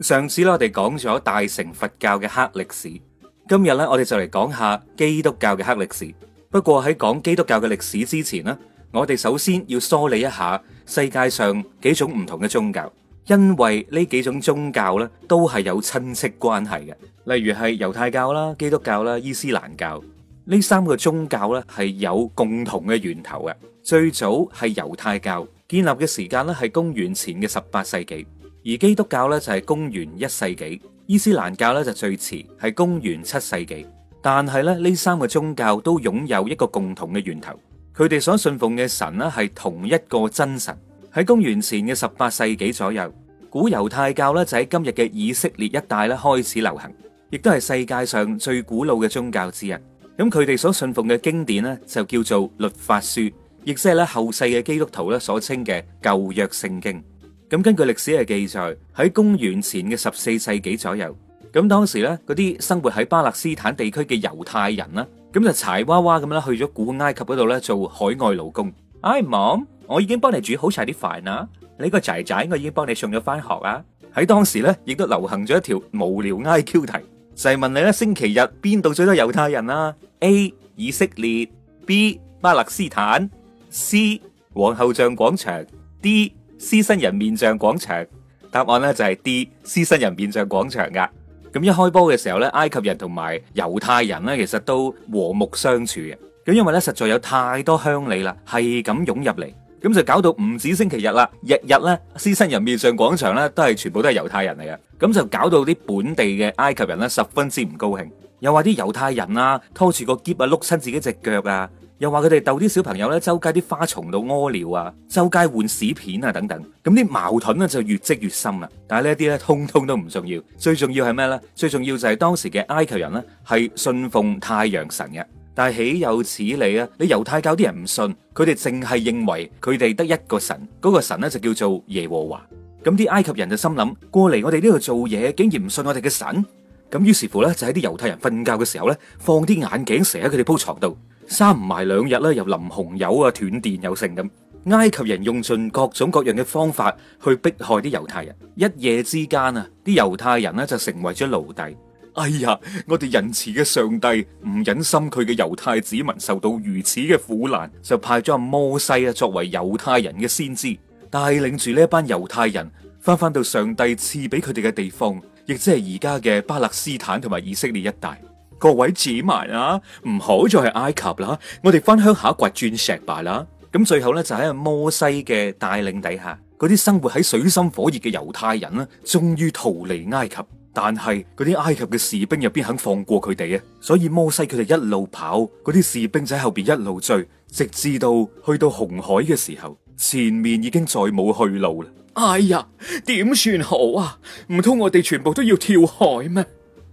上次咧，我哋講咗大乘佛教嘅黑歷史。今日咧，我哋就嚟講下基督教嘅黑歷史。不過喺講基督教嘅歷史之前咧，我哋首先要梳理一下世界上幾種唔同嘅宗教，因為呢幾種宗教咧都係有親戚關係嘅。例如係猶太教啦、基督教啦、伊斯蘭教呢三個宗教咧係有共同嘅源頭嘅。最早係猶太教，建立嘅時間咧係公元前嘅十八世紀。而基督教咧就係公元一世紀，伊斯蘭教咧就最遲係公元七世紀。但係咧呢三個宗教都擁有一個共同嘅源頭，佢哋所信奉嘅神呢，係同一個真神。喺公元前嘅十八世紀左右，古猶太教咧就喺今日嘅以色列一帶咧開始流行，亦都係世界上最古老嘅宗教之一。咁佢哋所信奉嘅經典呢，就叫做《律法書》，亦即係咧後世嘅基督徒咧所稱嘅舊約聖經。咁根據歷史嘅記載，喺公元前嘅十四世紀左右，咁當時咧嗰啲生活喺巴勒斯坦地區嘅猶太人啦，咁就柴娃娃咁啦，去咗古埃及嗰度咧做海外勞工。哎，mom，我已經幫你煮好晒啲飯啦，你個仔仔我已經幫你送咗翻學啊。喺當時咧，亦都流行咗一條無聊 IQ 題，就係問你咧星期日邊度最多猶太人啊？A. 以色列，B. 巴勒斯坦，C. 皇后像廣場，D. 獅身人面像廣場，答案咧就係 D 獅身人面像廣場噶。咁一開波嘅時候咧，埃及人同埋猶太人咧，其實都和睦相處嘅。咁因為咧，實在有太多鄉里啦，係咁湧入嚟，咁就搞到唔止星期日啦，日日咧獅身人面像廣場咧都係全部都係猶太人嚟嘅。咁就搞到啲本地嘅埃及人咧十分之唔高興，又話啲猶太人啊，拖住個喼啊，碌親自己隻腳啊！又話佢哋逗啲小朋友咧，周街啲花叢度屙尿啊，周街換屎片啊，等等。咁啲矛盾呢就越積越深啦。但係呢一啲呢，通通都唔重要。最重要係咩呢？最重要就係當時嘅埃及人呢，係信奉太陽神嘅。但係豈有此理啊！你猶太教啲人唔信，佢哋淨係認為佢哋得一個神，嗰個神呢就叫做耶和華。咁啲埃及人就心諗，過嚟我哋呢度做嘢，竟然唔信我哋嘅神。咁於是乎呢，就喺啲猶太人瞓覺嘅時候呢，放啲眼鏡蛇喺佢哋鋪床度。三唔埋兩日咧，又淋紅油啊，斷電有成咁。埃及人用盡各種各樣嘅方法去迫害啲猶太人，一夜之間啊，啲猶太人咧就成為咗奴隸。哎呀，我哋仁慈嘅上帝唔忍心佢嘅猶太子民受到如此嘅苦難，就派咗阿摩西啊作為猶太人嘅先知，帶領住呢一班猶太人翻翻到上帝賜俾佢哋嘅地方，亦即係而家嘅巴勒斯坦同埋以色列一帶。各位子民啊，唔好再係埃及啦，我哋翻鄉下掘鑽石吧啦。咁最後呢，就喺阿摩西嘅帶領底下，嗰啲生活喺水深火熱嘅猶太人啦，啊，終於逃離埃及。但係嗰啲埃及嘅士兵又邊肯放過佢哋啊？所以摩西佢哋一路跑，嗰啲士兵就喺後邊一路追，直至到去到紅海嘅時候，前面已經再冇去路啦。哎呀，點算好啊？唔通我哋全部都要跳海咩？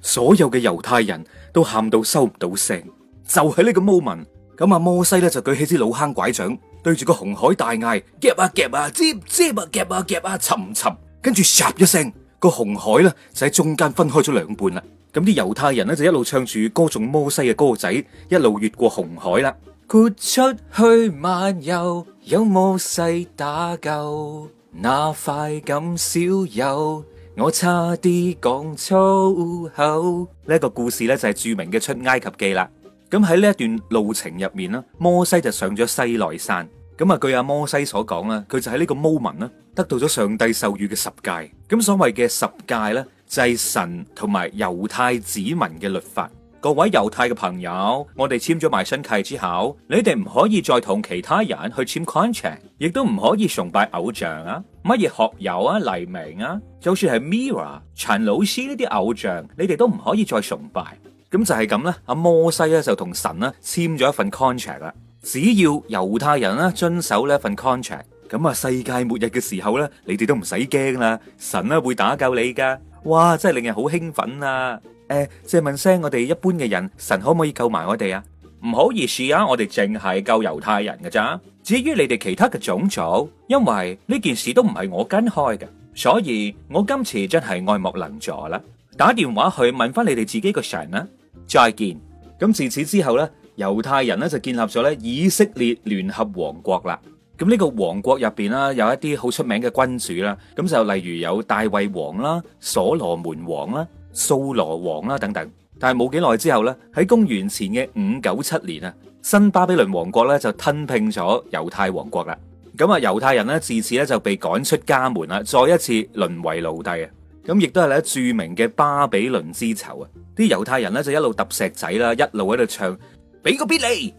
所有嘅猶太人都喊到收唔到聲，就喺呢個 moment，咁啊摩西咧就舉起支老坑拐杖，對住個紅海大嗌夾啊夾啊，遮遮啊夾啊夾啊，沉沉，跟住十一聲，個紅海咧就喺中間分開咗兩半啦。咁啲猶太人咧就一路唱住歌頌摩西嘅歌仔，一路越過紅海啦。豁出去漫遊，有摩西打救，那快感少有。我差啲講粗口，呢一個故事呢，就係著名嘅出埃及記啦。咁喺呢一段路程入面啦，摩西就上咗西奈山。咁啊，據阿摩西所講啦，佢就喺呢個摩文啦，得到咗上帝授予嘅十誡。咁所謂嘅十誡呢，就係神同埋猶太子民嘅律法。各位猶太嘅朋友，我哋簽咗埋新契之後，你哋唔可以再同其他人去簽 contract，亦都唔可以崇拜偶像啊！乜嘢學友啊、黎明啊，就算係 Mira、陳老師呢啲偶像，你哋都唔可以再崇拜。咁就係咁啦，阿摩西咧就同神咧簽咗一份 contract 啦。只要猶太人咧遵守呢份 contract，咁啊世界末日嘅時候咧，你哋都唔使驚啦，神咧會打救你㗎。哇！真係令人好興奮啊！誒，借問聲，我哋一般嘅人，神可唔可以救埋我哋啊？唔好意思啊，我哋淨係救猶太人嘅咋。至於你哋其他嘅種族，因為呢件事都唔係我跟開嘅，所以我今次真係愛莫能助啦。打電話去問翻你哋自己個神啦。再見。咁自此之後咧，猶太人咧就建立咗咧以色列聯合王國啦。咁呢個王國入邊啦，有一啲好出名嘅君主啦，咁就例如有大衛王啦、所羅門王啦。掃羅王啦等等，但係冇幾耐之後咧，喺公元前嘅五九七年啊，新巴比倫王國咧就吞併咗猶太王國啦。咁啊，猶太人咧自此咧就被趕出家門啦，再一次淪為奴隸啊。咁亦都係咧著名嘅巴比倫之囚啊，啲猶太人咧就一路揼石仔啦，一路喺度唱，俾個邊你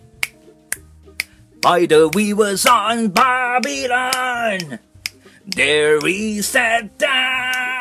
，By the rivers of Babylon, there we sat down。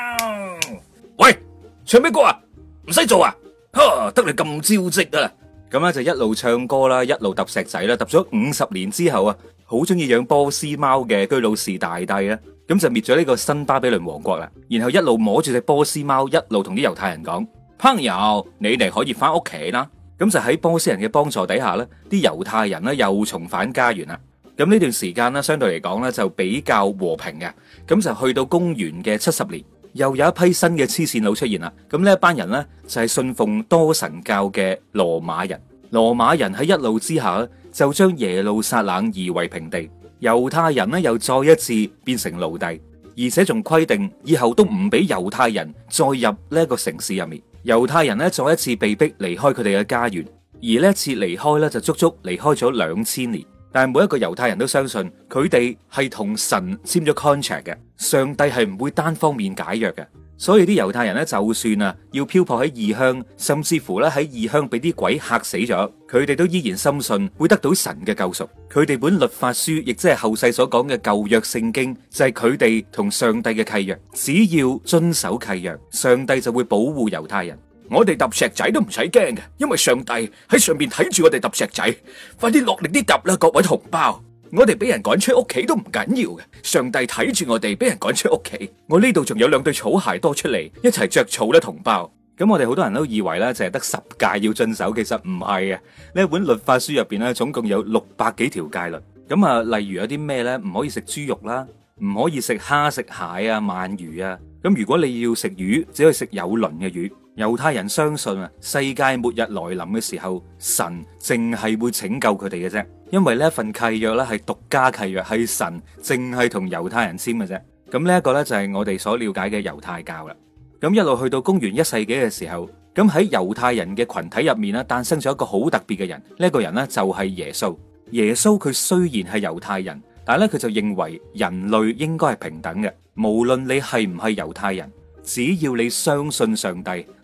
唱咩歌啊？唔使做啊！哈，得你咁招積啊！咁咧就一路唱歌啦，一路揼石仔啦，揼咗五十年之後啊，好中意養波斯貓嘅居魯士大帝啊，咁就滅咗呢個新巴比倫王國啦，然後一路摸住隻波斯貓，一路同啲猶太人講：朋友，你哋可以翻屋企啦。咁就喺波斯人嘅幫助底下咧，啲猶太人咧又重返家園啦。咁呢段時間咧，相對嚟講咧就比較和平嘅，咁就去到公元嘅七十年。又有一批新嘅黐線佬出現啦，咁呢一班人呢，就係信奉多神教嘅羅馬人。羅馬人喺一路之下咧，就將耶路撒冷夷為平地。猶太人呢，又再一次變成奴隸，而且仲規定以後都唔俾猶太人再入呢個城市入面。猶太人呢，再一次被逼離開佢哋嘅家園，而呢次離開呢，就足足離開咗兩千年。但係每一個猶太人都相信，佢哋係同神簽咗 contract 嘅，上帝係唔會單方面解約嘅，所以啲猶太人咧就算啊要漂泊喺異鄉，甚至乎咧喺異鄉俾啲鬼嚇死咗，佢哋都依然深信會得到神嘅救贖。佢哋本律法書，亦即係後世所講嘅舊約聖經，就係佢哋同上帝嘅契約，只要遵守契約，上帝就會保護猶太人。我哋揼石仔都唔使驚嘅，因為上帝喺上邊睇住我哋揼石仔，快啲落力啲揼啦，各位同胞！我哋俾人趕出屋企都唔緊要嘅，上帝睇住我哋俾人趕出屋企。我呢度仲有兩對草鞋多出嚟，一齊着草啦，同胞！咁我哋好多人都以為咧，淨係得十戒要遵守，其實唔係啊！呢一本律法書入邊咧，總共有六百幾條戒律。咁啊，例如有啲咩咧，唔可以食豬肉啦，唔可以食蝦食蟹啊、鰻魚啊。咁如果你要食魚，只可以食有鱗嘅魚。猶太人相信啊，世界末日來臨嘅時候，神淨係會拯救佢哋嘅啫。因為呢份契約咧係獨家契約，係神淨係同猶太人簽嘅啫。咁呢一個咧就係我哋所了解嘅猶太教啦。咁一路去到公元一世紀嘅時候，咁喺猶太人嘅群體入面呢，誕生咗一個好特別嘅人。呢一個人呢，就係耶穌。耶穌佢雖然係猶太人，但係咧佢就認為人類應該係平等嘅，無論你係唔係猶太人，只要你相信上帝。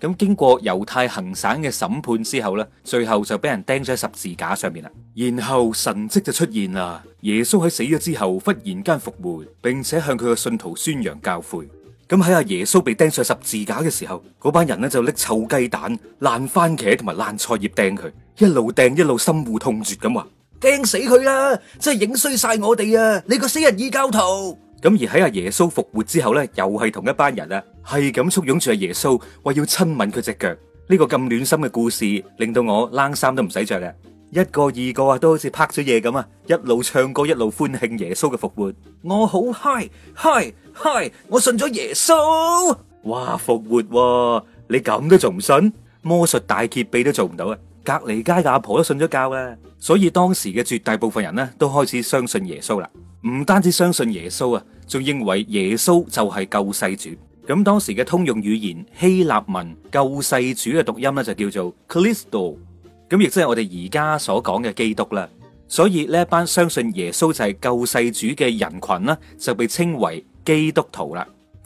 咁經過猶太行省嘅審判之後呢，最後就俾人釘咗喺十字架上面啦。然後神蹟就出現啦，耶穌喺死咗之後忽然間復活，並且向佢嘅信徒宣揚教誨。咁喺阿耶穌被釘上十字架嘅時候，嗰班人呢就拎臭雞蛋、爛番茄同埋爛菜葉掟佢，一路掟一路深惡痛絕咁話：釘死佢啦，真係影衰晒我哋啊！你個死人異教徒。咁而喺阿耶穌復活之後呢，又係同一班人啊，係咁簇擁住阿耶穌，話要親吻佢隻腳。呢個咁暖心嘅故事，令到我冷衫都唔使着啦。一個二個啊，都好似拍咗嘢咁啊，一路唱歌一路歡慶耶穌嘅復活。我好嗨嗨嗨！我信咗耶穌。哇！復活啊，你咁都做唔信？魔術大揭秘都做唔到啊！隔籬街嘅阿婆，婆都信咗教啦，所以當時嘅絕大部分人呢都開始相信耶穌啦。唔單止相信耶穌啊，仲認為耶穌就係救世主。咁當時嘅通用語言希臘文救世主嘅讀音呢就叫做 Christo，咁亦即係我哋而家所講嘅基督啦。所以呢一班相信耶穌就係救世主嘅人群呢，就被稱為基督徒啦。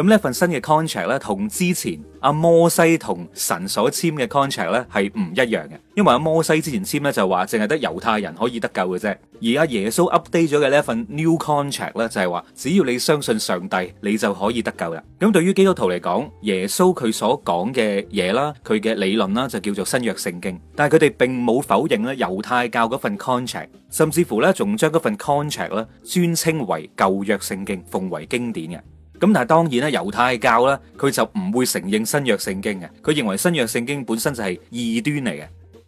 咁呢一份新嘅 contract 咧，同之前阿摩西同神所簽嘅 contract 咧係唔一樣嘅，因為阿摩西之前簽咧就話淨係得猶太人可以得救嘅啫，而阿耶穌 update 咗嘅呢一份 new contract 咧就係話，只要你相信上帝，你就可以得救啦。咁對於基督徒嚟講，耶穌佢所講嘅嘢啦，佢嘅理論啦，就叫做新約聖經，但係佢哋並冇否認咧猶太教嗰份 contract，甚至乎咧仲將嗰份 contract 咧尊稱為舊約聖經，奉為經典嘅。咁但係當然咧，猶太教咧，佢就唔會承認新約聖經嘅，佢認為新約聖經本身就係異端嚟嘅。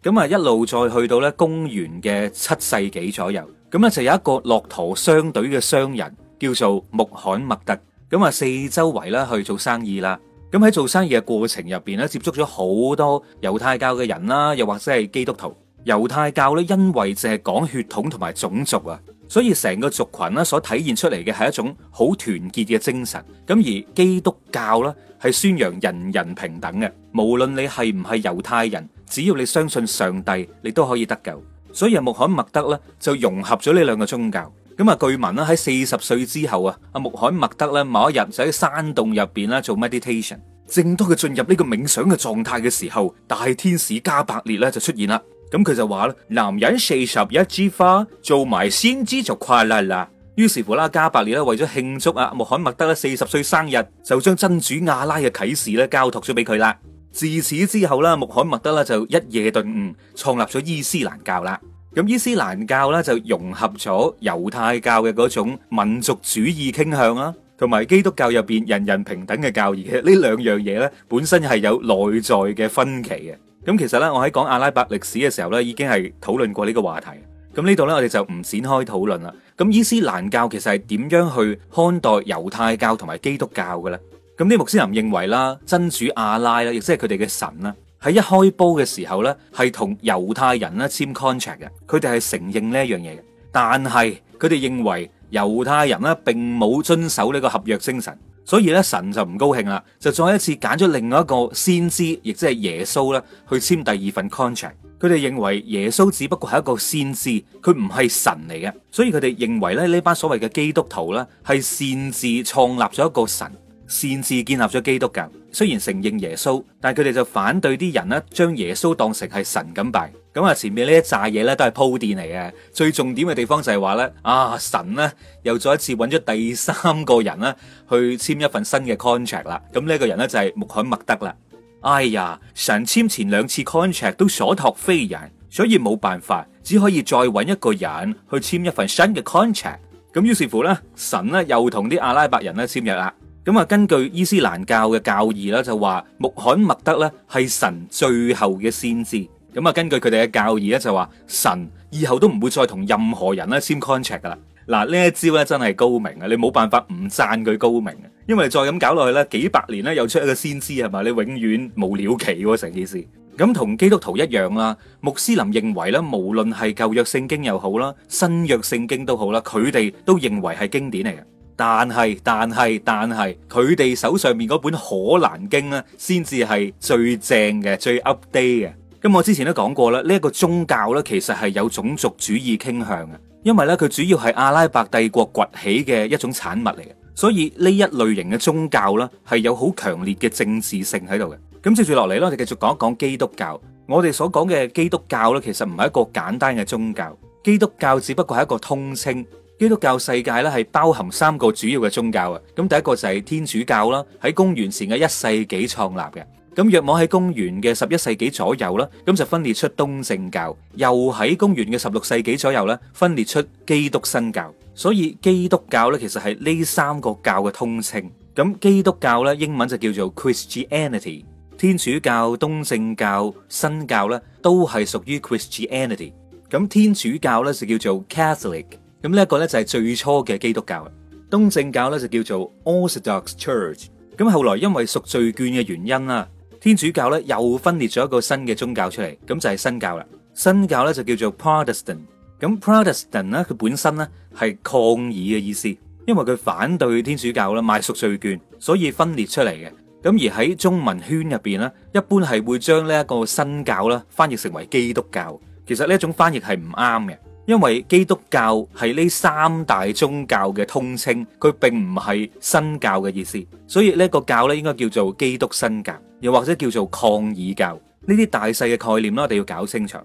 咁啊，一路再去到咧公元嘅七世紀左右，咁咧就有一個駱駝商隊嘅商人叫做穆罕默德，咁啊四周圍啦去做生意啦。咁喺做生意嘅過程入邊咧，接觸咗好多猶太教嘅人啦，又或者係基督徒。猶太教咧，因為淨係講血統同埋種族啊。所以成個族群呢，所體現出嚟嘅係一種好團結嘅精神，咁而基督教呢係宣揚人人平等嘅，無論你係唔係猶太人，只要你相信上帝，你都可以得救。所以阿穆罕默德呢就融合咗呢兩個宗教。咁啊，據聞啦喺四十歲之後啊，阿穆罕默德呢某一日就喺山洞入邊啦做 meditation，正當佢進入呢個冥想嘅狀態嘅時候，大天使加百列呢就出現啦。咁佢就話啦，男人四十一枝花，做埋先知就快樂啦。於是乎啦，加伯利啦，為咗慶祝啊，穆罕默德啦四十歲生日，就將真主阿拉嘅啟示咧交託咗俾佢啦。自此之後啦，穆罕默德啦就一夜頓悟，創立咗伊斯蘭教啦。咁伊斯蘭教啦就融合咗猶太教嘅嗰種民族主義傾向啦，同埋基督教入邊人人平等嘅教義嘅呢兩樣嘢咧，本身係有內在嘅分歧嘅。咁其實咧，我喺講阿拉伯歷史嘅時候咧，已經係討論過呢個話題。咁呢度咧，我哋就唔展開討論啦。咁伊斯蘭教其實係點樣去看待猶太教同埋基督教嘅咧？咁啲穆斯林認為啦，真主阿拉啦，亦即係佢哋嘅神啦，喺一開波嘅時候咧，係同猶太人咧簽 contract 嘅，佢哋係承認呢一樣嘢嘅。但係佢哋認為猶太人咧並冇遵守呢個合約精神。所以咧，神就唔高興啦，就再一次揀咗另外一個先知，亦即係耶穌咧，去簽第二份 contract。佢哋認為耶穌只不過係一個先知，佢唔係神嚟嘅，所以佢哋認為咧呢班所謂嘅基督徒咧係擅自創立咗一個神。擅自建立咗基督教，雖然承認耶穌，但係佢哋就反對啲人咧，將耶穌當成係神咁拜咁啊。前面呢一紮嘢咧都係鋪墊嚟嘅，最重點嘅地方就係話咧啊，神咧又再一次揾咗第三個人咧去簽一份新嘅 contract 啦。咁、這、呢個人咧就係穆罕默德啦。哎呀，神簽前兩次 contract 都所託非人，所以冇辦法，只可以再揾一個人去簽一份新嘅 contract。咁於是乎咧，神咧又同啲阿拉伯人咧簽約啦。咁啊，根據伊斯蘭教嘅教義啦，就話穆罕默德咧係神最後嘅先知。咁啊，根據佢哋嘅教義咧，就話神以後都唔會再同任何人咧簽 contract 噶啦。嗱，呢一招咧真係高明啊！你冇辦法唔讚佢高明啊！因為再咁搞落去咧，幾百年咧又出一個先知，係咪？你永遠無了期喎成件事。咁同基督徒一樣啦，穆斯林認為咧，無論係舊約聖經又好啦，新約聖經都好啦，佢哋都認為係經典嚟嘅。但係，但係，但係，佢哋手上面嗰本可蘭經咧，先至係最正嘅，最 update 嘅。咁我之前都講過啦，呢一個宗教咧，其實係有種族主義傾向嘅，因為咧佢主要係阿拉伯帝國崛起嘅一種產物嚟嘅，所以呢一類型嘅宗教咧，係有好強烈嘅政治性喺度嘅。咁接住落嚟咧，我哋繼續講一講基督教。我哋所講嘅基督教咧，其實唔係一個簡單嘅宗教，基督教只不過係一個通稱。基督教世界咧，係包含三個主要嘅宗教啊，咁第一個就係天主教啦，喺公元前嘅一世紀創立嘅。咁若果喺公元嘅十一世紀左右啦，咁就分裂出東正教，又喺公元嘅十六世紀左右咧，分裂出基督新教。所以基督教咧，其實係呢三個教嘅通稱。咁基督教咧，英文就叫做 Christianity，天主教、東正教、新教咧，都係屬於 Christianity。咁天主教咧，就叫做 Catholic。咁呢一個咧就係最初嘅基督教，東正教咧就叫做 Orthodox Church。咁後來因為贖罪券嘅原因啦，天主教咧又分裂咗一個新嘅宗教出嚟，咁就係新教啦。新教咧就叫做 Protestant。咁 Protestant 咧佢本身咧係抗議嘅意思，因為佢反對天主教啦賣贖罪券，所以分裂出嚟嘅。咁而喺中文圈入邊咧，一般係會將呢一個新教啦翻譯成為基督教，其實呢一種翻譯係唔啱嘅。因為基督教係呢三大宗教嘅通稱，佢並唔係新教嘅意思，所以呢個教咧應該叫做基督新教，又或者叫做抗議教。呢啲大細嘅概念啦，我哋要搞清楚。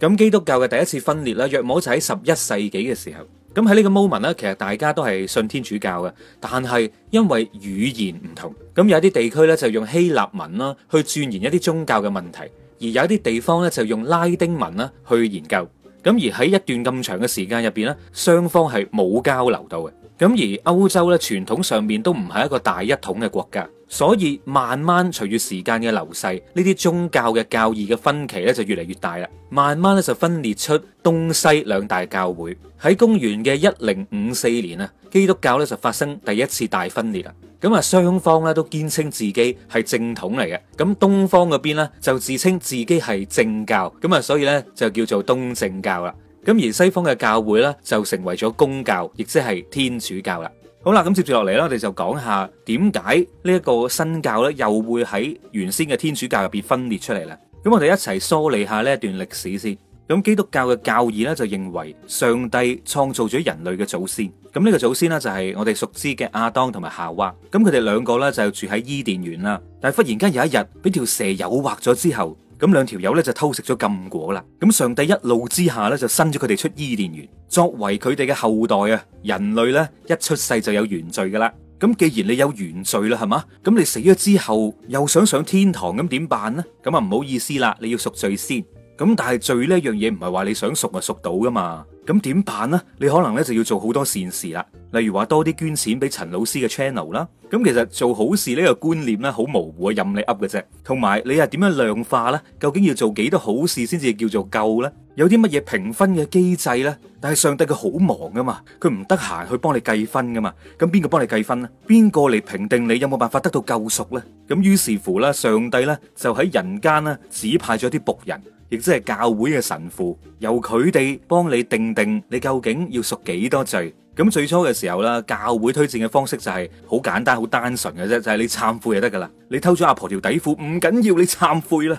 咁基督教嘅第一次分裂咧，約莫就喺十一世紀嘅時候。咁喺呢個 moment 咧，其實大家都係信天主教嘅，但係因為語言唔同，咁有啲地區咧就用希臘文啦去鑽研一啲宗教嘅問題，而有啲地方咧就用拉丁文啦去研究。咁而喺一段咁長嘅時間入邊咧，雙方係冇交流到嘅。咁而歐洲咧傳統上面都唔係一個大一統嘅國家。所以慢慢隨住時間嘅流逝，呢啲宗教嘅教義嘅分歧咧就越嚟越大啦。慢慢咧就分裂出東西兩大教會。喺公元嘅一零五四年啊，基督教咧就發生第一次大分裂啦。咁啊，雙方咧都堅稱自己係正統嚟嘅。咁東方嗰邊呢就自稱自己係正教，咁啊，所以咧就叫做東正教啦。咁而西方嘅教會咧就成為咗公教，亦即係天主教啦。好啦，咁接住落嚟啦，我哋就講下點解呢一個新教咧，又會喺原先嘅天主教入邊分裂出嚟啦。咁我哋一齊梳理下呢一段歷史先。咁基督教嘅教義咧就認為上帝創造咗人類嘅祖先，咁呢個祖先呢，就係我哋熟知嘅亞當同埋夏娃，咁佢哋兩個咧就住喺伊甸園啦。但係忽然間有一日，俾條蛇誘惑咗之後。咁兩條友咧就偷食咗禁果啦，咁上帝一怒之下咧就生咗佢哋出伊甸園，作為佢哋嘅後代啊，人類咧一出世就有原罪噶啦，咁既然你有原罪啦，係嘛，咁你死咗之後又想上天堂咁點辦呢？咁啊，唔好意思啦，你要贖罪先。咁但係罪呢一樣嘢唔係話你想贖就贖到噶嘛？咁點辦呢？你可能咧就要做好多善事啦，例如話多啲捐錢俾陳老師嘅 channel 啦。咁其實做好事呢個觀念咧好模糊啊，任你噏嘅啫。同埋你係點樣量化呢？究竟要做幾多好事先至叫做夠呢？有啲乜嘢評分嘅機制呢？但係上帝佢好忙噶嘛，佢唔得閒去幫你計分噶嘛。咁邊個幫你計分呢？邊個嚟評定你有冇辦法得到救贖呢？咁於是乎呢，上帝咧就喺人間呢指派咗啲僕人。亦即係教會嘅神父，由佢哋幫你定定你究竟要贖幾多罪。咁最初嘅時候啦，教會推薦嘅方式就係好簡單、好單純嘅啫，就係你懺悔就得噶啦。你偷咗阿婆條底褲，唔緊要，你懺悔啦。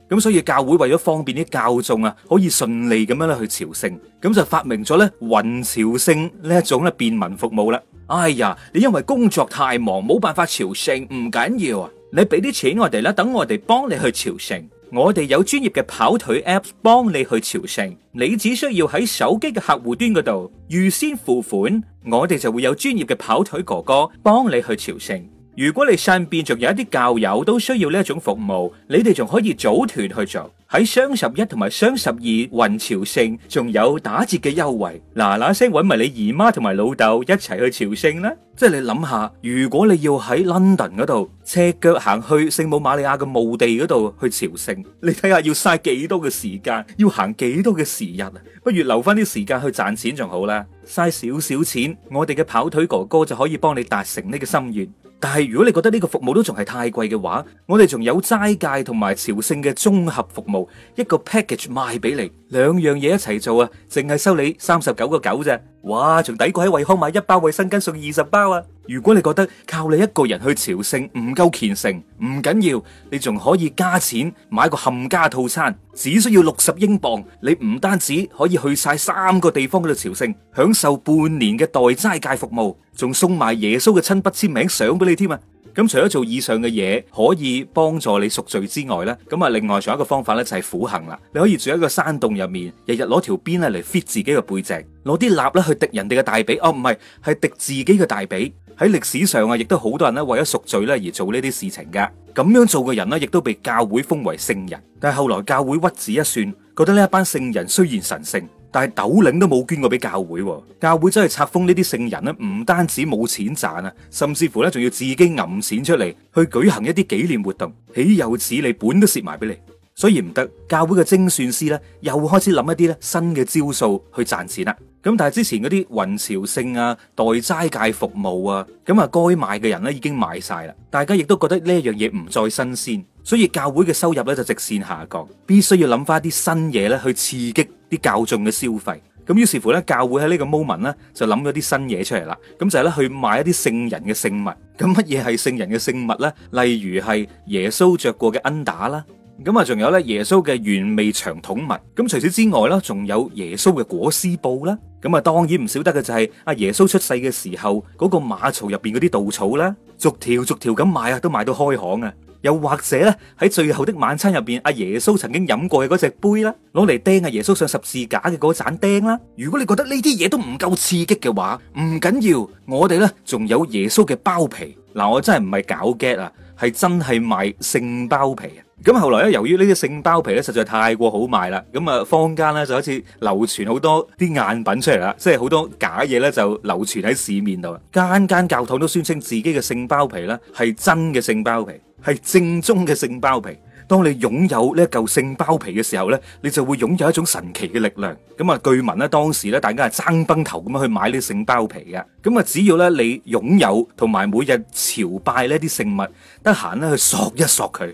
咁所以教會為咗方便啲教眾啊，可以順利咁樣咧去朝聖，咁就發明咗咧雲朝聖呢一種咧便民服務啦。哎呀，你因為工作太忙，冇辦法朝聖，唔緊要啊，你俾啲錢我哋啦，等我哋幫你去朝聖。我哋有專業嘅跑腿 app 幫你去朝聖，你只需要喺手機嘅客戶端嗰度預先付款，我哋就會有專業嘅跑腿哥哥幫你去朝聖。如果你身邊仲有一啲教友都需要呢一種服務，你哋仲可以組團去做。喺雙十一同埋雙十二，雲朝聖仲有打折嘅優惠。嗱嗱聲揾埋你姨媽同埋老豆一齊去朝聖啦！即係你諗下，如果你要喺 London 嗰度赤腳行去聖母瑪利亞嘅墓地嗰度去朝聖，你睇下要嘥幾多嘅時間，要行幾多嘅時日啊！不如留翻啲時間去賺錢仲好啦，嘥少少錢，我哋嘅跑腿哥哥就可以幫你達成呢個心願。但係如果你覺得呢個服務都仲係太貴嘅話，我哋仲有齋戒同埋朝聖嘅綜合服務，一個 package 賣俾你。兩樣嘢一齊做啊，淨係收你三十九個九啫。哇，仲抵過喺惠康買一包衛生巾送二十包啊！如果你覺得靠你一個人去朝聖唔夠虔誠，唔緊要，你仲可以加錢買個冚家套餐，只需要六十英鎊，你唔單止可以去晒三個地方嗰度朝聖，享受半年嘅代齋戒服務，仲送埋耶穌嘅親筆簽名相俾你添啊！咁除咗做以上嘅嘢可以幫助你贖罪之外咧，咁啊，另外仲有一個方法咧，就係苦行啦。你可以住喺個山洞入面，日日攞條鞭嚟 fit 自己嘅背脊，攞啲蠟啦去滴人哋嘅大髀。哦，唔係，係滴自己嘅大髀。喺歷史上啊，亦都好多人咧為咗贖罪咧而做呢啲事情噶。咁樣做嘅人咧，亦都被教會封為聖人。但係後來教會屈指一算，覺得呢一班聖人雖然神聖。但係斗零都冇捐過俾教會，啊，教會真係拆封呢啲聖人咧，唔單止冇錢賺啊，甚至乎咧仲要自己揞錢出嚟，去舉行一啲紀念活動，豈有此理？本都蝕埋俾你，所以唔得。教會嘅精算師咧，又開始諗一啲咧新嘅招數去賺錢啦，啊。咁但係之前嗰啲雲朝聖啊、代齋戒服務啊，咁啊該買嘅人咧已經買晒啦，大家亦都覺得呢樣嘢唔再新鮮。所以教會嘅收入咧就直線下降，必須要諗翻一啲新嘢咧去刺激啲教眾嘅消費。咁於是乎咧，教會喺呢個 moment 咧就諗咗啲新嘢出嚟啦。咁就係咧去買一啲聖人嘅聖物。咁乜嘢係聖人嘅聖物咧？例如係耶穌著過嘅 undy 啦。咁啊，仲有咧耶穌嘅原味長筒襪。咁除此之外啦，仲有耶穌嘅裹屍布啦。咁啊，當然唔少得嘅就係阿耶穌出世嘅時候嗰個馬槽入邊嗰啲稻草啦。逐條逐條咁買啊，都買到開行啊！又或者咧喺最後的晚餐入邊，阿耶穌曾經飲過嘅嗰隻杯啦，攞嚟釘阿耶穌上十字架嘅嗰盞釘啦。如果你覺得呢啲嘢都唔夠刺激嘅話，唔緊要，我哋呢仲有耶穌嘅包皮嗱，我真係唔係搞 get 啊，係真係賣聖包皮。咁後來咧，由於呢啲聖包皮咧實在太過好賣啦，咁啊，坊間咧就好似流傳好多啲贋品出嚟啦，即係好多假嘢咧就流傳喺市面度啦。間間教堂都宣稱自己嘅聖包皮咧係真嘅聖包皮，係正宗嘅聖包皮。當你擁有呢嚿聖包皮嘅時候咧，你就會擁有一種神奇嘅力量。咁啊，據聞咧，當時咧，大家係爭崩頭咁樣去買呢啲聖包皮嘅。咁啊，只要咧你擁有同埋每日朝拜呢啲聖物，得閒咧去索一索佢。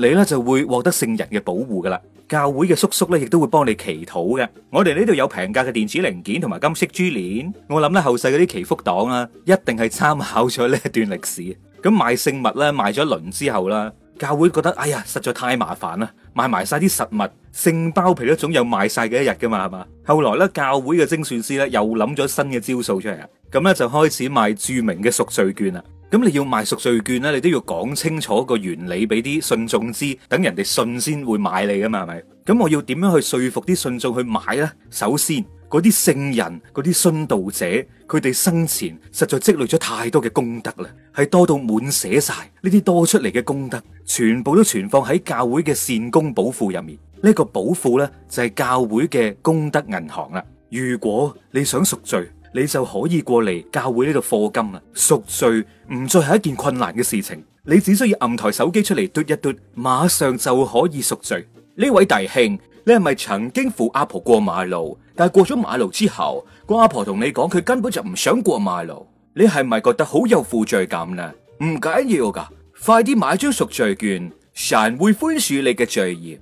你咧就會獲得聖人嘅保護噶啦，教會嘅叔叔咧亦都會幫你祈禱嘅。我哋呢度有平價嘅電子零件同埋金色珠鏈。我諗咧後世嗰啲祈福黨啊，一定係參考咗呢一段歷史。咁賣聖物咧賣咗一輪之後啦，教會覺得哎呀，實在太麻煩啦，賣埋晒啲實物聖包皮，都總有賣晒嘅一日噶嘛係嘛？後來咧，教會嘅精算師咧又諗咗新嘅招數出嚟啦，咁咧就開始賣著名嘅贖罪券啦。咁你要賣贖罪券咧，你都要講清楚個原理俾啲信眾知，等人哋信先會買你噶嘛，係咪？咁我要點樣去說服啲信眾去買咧？首先，嗰啲聖人、嗰啲殉道者，佢哋生前實在積累咗太多嘅功德啦，係多到滿寫晒。呢啲多出嚟嘅功德，全部都存放喺教會嘅善功寶庫入面。呢個寶庫咧，就係教會嘅功德銀行啦。如果你想贖罪。你就可以過嚟教會呢度課金啦，贖罪唔再係一件困難嘅事情。你只需要撳台手機出嚟，嘟一嘟，馬上就可以贖罪。呢位弟兄，你係咪曾經扶阿婆過馬路？但係過咗馬路之後，個阿婆同你講佢根本就唔想過馬路。你係咪覺得好有負罪感呢？唔緊要噶，快啲買張贖罪券，神會寬恕你嘅罪孽。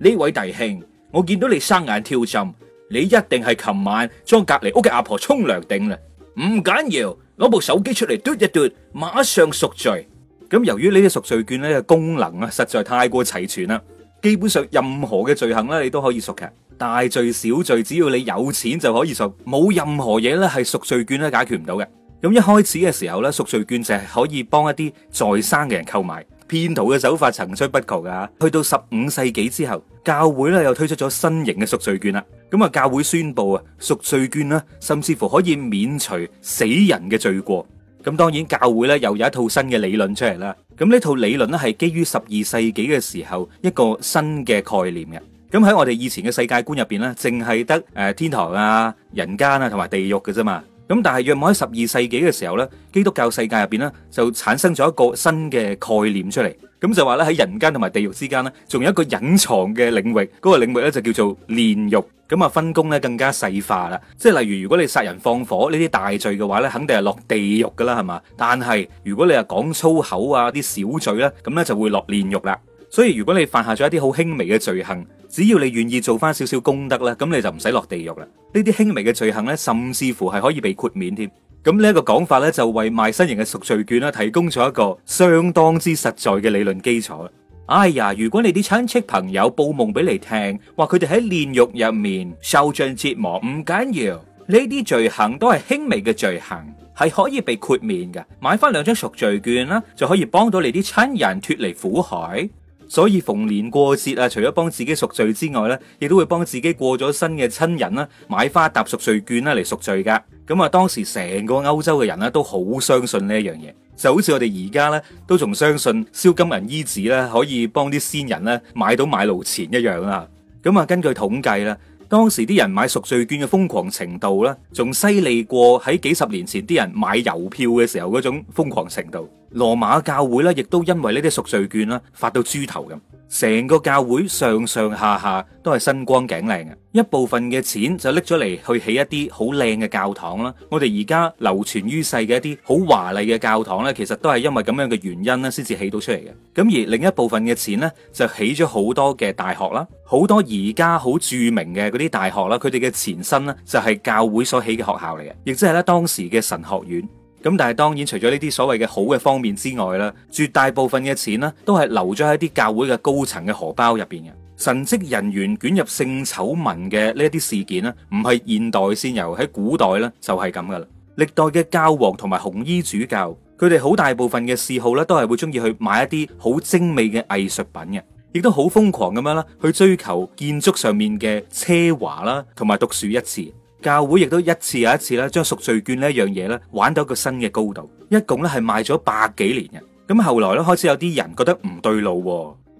呢位弟兄，我見到你生眼挑針。你一定係琴晚將隔籬屋嘅阿婆沖涼頂啦，唔緊要，攞部手機出嚟，嘟一嘟，馬上贖罪。咁由於呢啲贖罪券咧嘅功能啊，實在太過齊全啦，基本上任何嘅罪行咧，你都可以贖嘅，大罪小罪，只要你有錢就可以贖，冇任何嘢咧係贖罪券咧解決唔到嘅。咁一開始嘅時候咧，贖罪券就係可以幫一啲在生嘅人購買。騙徒嘅手法層出不窮㗎。去到十五世紀之後，教會咧又推出咗新型嘅贖罪券啦。咁啊，教會宣布啊，贖罪券啦，甚至乎可以免除死人嘅罪過。咁當然，教會咧又有一套新嘅理論出嚟啦。咁呢套理論咧係基於十二世紀嘅時候一個新嘅概念嘅。咁喺我哋以前嘅世界觀入邊咧，淨係得誒天堂啊、人間啊同埋地獄嘅啫嘛。咁但係約莫喺十二世紀嘅時候咧，基督教世界入邊咧就產生咗一個新嘅概念出嚟，咁就話咧喺人間同埋地獄之間咧，仲有一個隱藏嘅領域，嗰個領域咧就叫做煉獄。咁啊分工咧更加細化啦，即係例如如果你殺人放火呢啲大罪嘅話咧，肯定係落地獄噶啦，係嘛？但係如果你係講粗口啊啲小罪咧，咁咧就會落煉獄啦。所以如果你犯下咗一啲好輕微嘅罪行，只要你願意做翻少少功德啦，咁你就唔使落地獄啦。呢啲輕微嘅罪行呢，甚至乎係可以被豁免添。咁呢一個講法呢，就為賣新型嘅贖罪券啦，提供咗一個相當之實在嘅理論基礎。哎呀，如果你啲親戚朋友報夢俾你聽，話佢哋喺煉獄入面受盡折磨，唔緊要，呢啲罪行都係輕微嘅罪行，係可以被豁免嘅。買翻兩張贖罪券啦，就可以幫到你啲親人脫離苦海。所以逢年過節啊，除咗幫自己贖罪之外咧，亦都會幫自己過咗身嘅親人啦，買花搭贖罪券啦嚟贖罪噶。咁啊，當時成個歐洲嘅人咧都好相信呢一樣嘢，就好似我哋而家咧都仲相信燒金銀衣紙咧，可以幫啲先人咧買到買路錢一樣啊。咁啊，根據統計咧。當時啲人買贖罪券嘅瘋狂程度咧，仲犀利過喺幾十年前啲人買郵票嘅時候嗰種瘋狂程度。羅馬教會咧，亦都因為呢啲贖罪券啦，發到豬頭咁。成個教會上上下下都係身光頸靚嘅，一部分嘅錢就拎咗嚟去起一啲好靚嘅教堂啦。我哋而家流傳於世嘅一啲好華麗嘅教堂呢，其實都係因為咁樣嘅原因呢先至起到出嚟嘅。咁而另一部分嘅錢呢，就起咗好多嘅大學啦，好多而家好著名嘅嗰啲大學啦，佢哋嘅前身呢，就係教會所起嘅學校嚟嘅，亦即係咧當時嘅神學院。咁但係當然除咗呢啲所謂嘅好嘅方面之外咧，絕大部分嘅錢咧都係留咗喺啲教會嘅高層嘅荷包入邊嘅。神職人員捲入性醜聞嘅呢一啲事件咧，唔係現代先有，喺古代呢就係咁噶啦。歷代嘅教皇同埋紅衣主教，佢哋好大部分嘅嗜好咧都係會中意去買一啲好精美嘅藝術品嘅，亦都好瘋狂咁樣啦，去追求建築上面嘅奢華啦，同埋獨樹一幟。教會亦都一次又一次咧，將贖罪券呢一樣嘢咧玩到一個新嘅高度，一共咧係賣咗百幾年嘅。咁後來咧開始有啲人覺得唔對路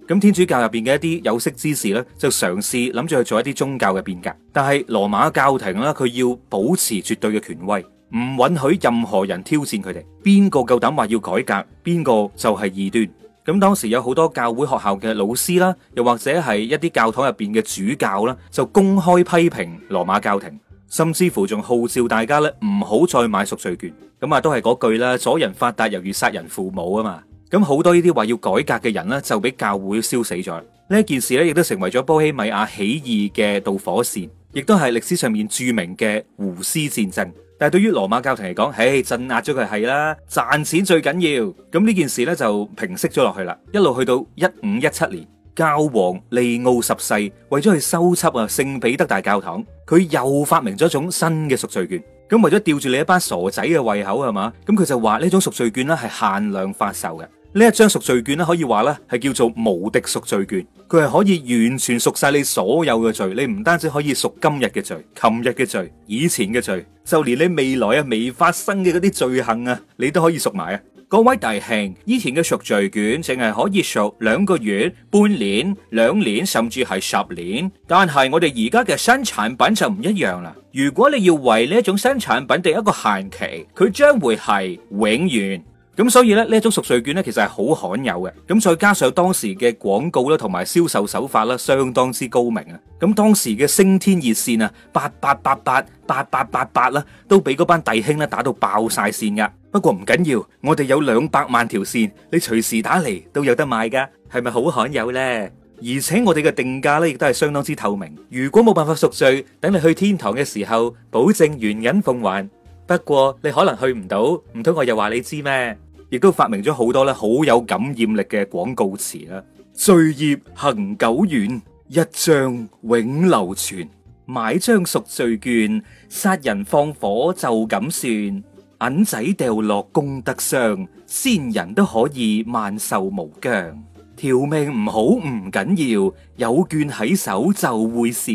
喎，咁天主教入邊嘅一啲有識之士咧就嘗試諗住去做一啲宗教嘅變革，但係羅馬教廷呢，佢要保持絕對嘅權威，唔允許任何人挑戰佢哋。邊個夠膽話要改革，邊個就係異端。咁當時有好多教會學校嘅老師啦，又或者係一啲教堂入邊嘅主教啦，就公開批評羅馬教廷。甚至乎仲號召大家咧，唔好再買贖罪券，咁、嗯、啊都係嗰句啦，阻人發達猶如殺人父母啊嘛！咁、嗯、好多呢啲話要改革嘅人呢，就俾教會燒死咗。呢一件事呢，亦都成為咗波希米亞起義嘅導火線，亦都係歷史上面著名嘅胡斯戰爭。但係對於羅馬教廷嚟講，唉，鎮壓咗佢係啦，賺錢最緊要。咁、嗯、呢件事呢，就平息咗落去啦，一路去到一五一七年。教皇利奧十世為咗去修葺啊聖彼得大教堂，佢又發明咗一種新嘅贖罪券。咁為咗吊住你一班傻仔嘅胃口係嘛，咁佢就話呢種贖罪券咧係限量發售嘅。呢一張贖罪券咧可以話咧係叫做無敵贖罪券，佢係可以完全贖晒你所有嘅罪。你唔單止可以贖今日嘅罪，琴日嘅罪，以前嘅罪，就連你未來啊未發生嘅嗰啲罪行啊，你都可以贖埋啊！各位弟兄，以前嘅贖罪券淨係可以贖兩個月、半年、兩年，甚至係十年。但係我哋而家嘅新產品就唔一樣啦。如果你要為呢種新產品定一個限期，佢將會係永遠。咁所以咧，呢一種贖罪券呢，其實係好罕有嘅。咁再加上當時嘅廣告啦，同埋銷售手法啦，相當之高明啊。咁當時嘅升天熱線啊，八八八八八八八八啦，都俾嗰班弟兄咧打到爆晒線噶。不過唔緊要，我哋有兩百萬條線，你隨時打嚟都有得買噶。係咪好罕有呢？而且我哋嘅定價呢，亦都係相當之透明。如果冇辦法贖罪，等你去天堂嘅時候，保證原銀奉還。不過你可能去唔到，唔通我又話你知咩？亦都發明咗好多咧，好有感染力嘅廣告詞啦。罪孽恒久遠，一張永流傳。買張贖罪券，殺人放火就咁算。銀仔掉落功德箱，先人都可以萬壽無疆。條命唔好唔緊要，有券喺手就會笑。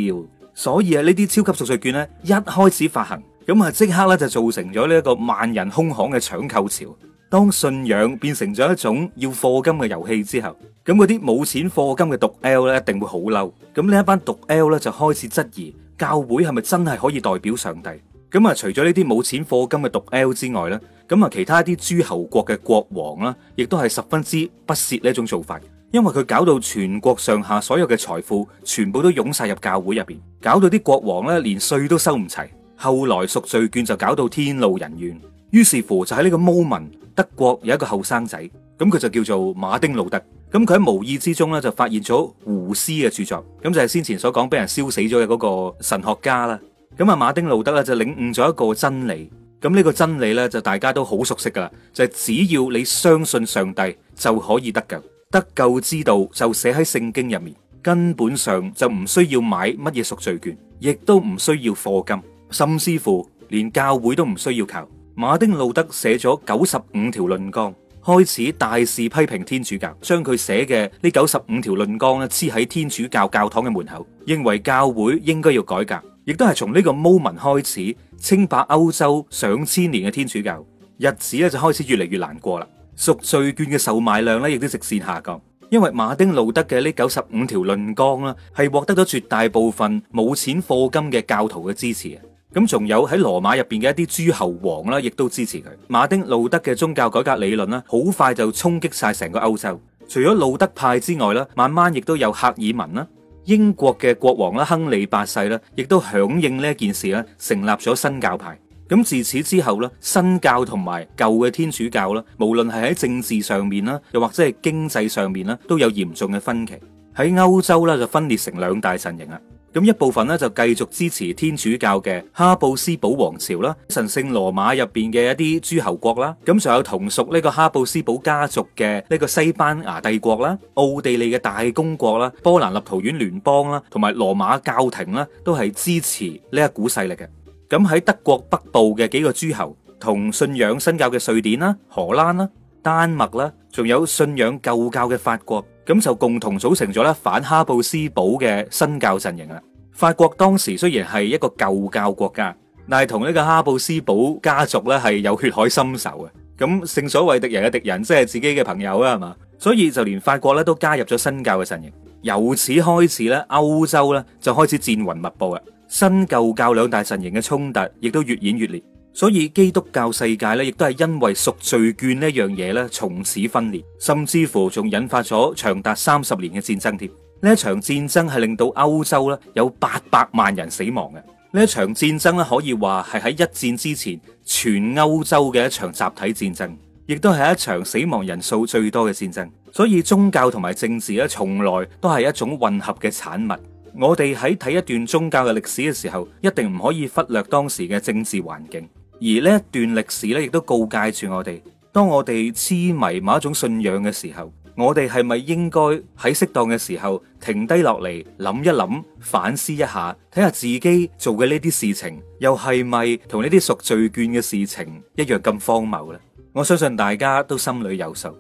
所以啊，呢啲超級贖罪券咧，一開始發行咁啊，即刻咧就造成咗呢一個萬人空巷嘅搶購潮。當信仰變成咗一種要課金嘅遊戲之後，咁嗰啲冇錢課金嘅毒 L 咧，一定會好嬲。咁呢一班毒 L 咧就開始質疑教會係咪真係可以代表上帝？咁啊，除咗呢啲冇錢課金嘅毒 L 之外咧，咁啊，其他一啲諸侯國嘅國王啦，亦都係十分之不屑呢一種做法，因為佢搞到全國上下所有嘅財富全部都湧晒入教會入邊，搞到啲國王咧連稅都收唔齊，後來贖罪券就搞到天怒人怨。於是乎就喺呢個 moment，德國有一個後生仔，咁佢就叫做馬丁路德。咁佢喺無意之中咧就發現咗胡斯嘅著作，咁就係先前所講俾人燒死咗嘅嗰個神學家啦。咁啊，馬丁路德咧就領悟咗一個真理，咁呢個真理咧就大家都好熟悉噶啦，就係只要你相信上帝就可以得救，得救之道就寫喺聖經入面，根本上就唔需要買乜嘢贖罪券，亦都唔需要課金，甚至乎連教會都唔需要求。馬丁路德寫咗九十五條論綱，開始大肆批評天主教，將佢寫嘅呢九十五條論綱咧黐喺天主教教堂嘅門口，認為教會應該要改革，亦都係從呢個 moment 開始稱霸歐洲上千年嘅天主教。日子咧就開始越嚟越難過啦，贖罪券嘅售賣量咧亦都直線下降，因為馬丁路德嘅呢九十五條論綱啦係獲得咗絕大部分冇錢課金嘅教徒嘅支持。.咁仲有喺羅馬入邊嘅一啲諸侯王啦，亦都支持佢。馬丁路德嘅宗教改革理論啦，好快就衝擊晒成個歐洲。除咗路德派之外啦，慢慢亦都有赫爾文啦。英國嘅國王啦，亨利八世啦，亦都響應呢一件事啦，成立咗新教派。咁自此之後咧，新教同埋舊嘅天主教啦，無論係喺政治上面啦，又或者係經濟上面啦，都有嚴重嘅分歧。喺歐洲咧，就分裂成兩大陣營啦。咁一部分咧就繼續支持天主教嘅哈布斯堡王朝啦，神聖羅馬入邊嘅一啲諸侯國啦，咁仲有同屬呢個哈布斯堡家族嘅呢個西班牙帝國啦、奧地利嘅大公國啦、波蘭立陶宛聯邦啦，同埋羅馬教廷啦，都係支持呢一股勢力嘅。咁喺德國北部嘅幾個諸侯同信仰新教嘅瑞典啦、荷蘭啦、丹麥啦。仲有信仰舊教嘅法國，咁就共同組成咗咧反哈布斯堡嘅新教陣營啦。法國當時雖然係一個舊教國家，但係同呢個哈布斯堡家族咧係有血海深仇嘅。咁正所謂敵人嘅敵人，即係自己嘅朋友啦，係嘛？所以就連法國咧都加入咗新教嘅陣營。由此開始咧，歐洲咧就開始戰雲密佈啦。新舊教兩大陣營嘅衝突亦都越演越烈。所以基督教世界咧，亦都係因為贖罪券呢樣嘢咧，從此分裂，甚至乎仲引發咗長達三十年嘅戰爭添。呢一場戰爭係令到歐洲咧有八百萬人死亡嘅。呢一場戰爭咧，可以話係喺一戰之前全歐洲嘅一場集體戰爭，亦都係一場死亡人數最多嘅戰爭。所以宗教同埋政治呢，從來都係一種混合嘅產物。我哋喺睇一段宗教嘅歷史嘅時候，一定唔可以忽略當時嘅政治環境。而呢一段歷史咧，亦都告誡住我哋，當我哋痴迷某一種信仰嘅時候，我哋係咪應該喺適當嘅時候停低落嚟諗一諗、反思一下，睇下自己做嘅呢啲事情，又係咪同呢啲贖罪券嘅事情一樣咁荒謬呢？我相信大家都心裏有數。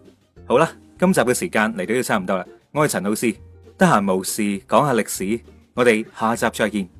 好啦，今集嘅時間嚟到都差唔多啦。我係陳老師，得閒無事講下歷史，我哋下集再見。